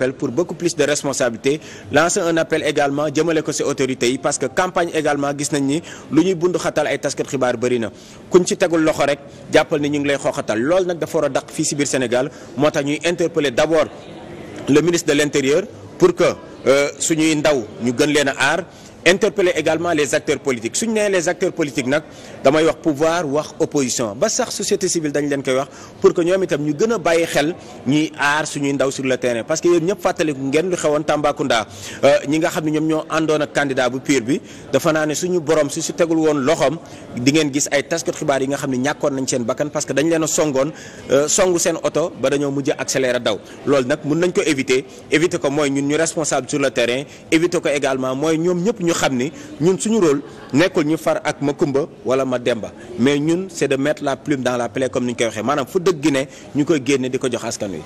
appel pour beaucoup plus de responsabilité lancer un appel également jëmale ko si autorités yi parce que campagne également gis nañ ni lu ñuy bund xatal ay taskat xibaar bëri na kuñ ci tegul loxo rek jàppal ni ñu ngi lay xooxatal loolu nag dafa war a daq fii ci biir Sénégal moo tax ñuy interpeller d'abord le ministre de l'Intérieur pour que euh, suñuy ndaw ñu gën leen a aar interpeller également les acteurs politiques suñu nee les acteurs politiques nag damay wax pouvoir wax opposition ba sax société civile dañ leen koy wax pour que ñoom itam ñu gën a bàyyi xel ñuy aar suñuy ndaw sur le terrain parce que yéen ñëpp fàttaliku ngeen lu xewoon Tambacounda euh, ñi nga xam ne ñoom ñoo àndoon ak candidat bu PUR bi dafa naa ne suñu borom su si tegul woon loxoom di ngeen gis ay taskat xibaar yi nga xam ne ñàkkoon nañ seen bakkan que dañ leen a songoon euh, seen oto ba dañoo mujj accéléré daw loolu nag mun nañ ko éviter éviter ko mooy ñun ñu responsable sur le terrain éviter ko également mooy ñoom ñëpp ñu xam ni ñun suñu rôle nekkul ñu far ak ma kumba wala ma demba mais ñun c'est de mettre la plume dans la plaie comme ni ñu koy waxee maanaam fu dëgg gi ne ñu koy génne di ko jox askan wi.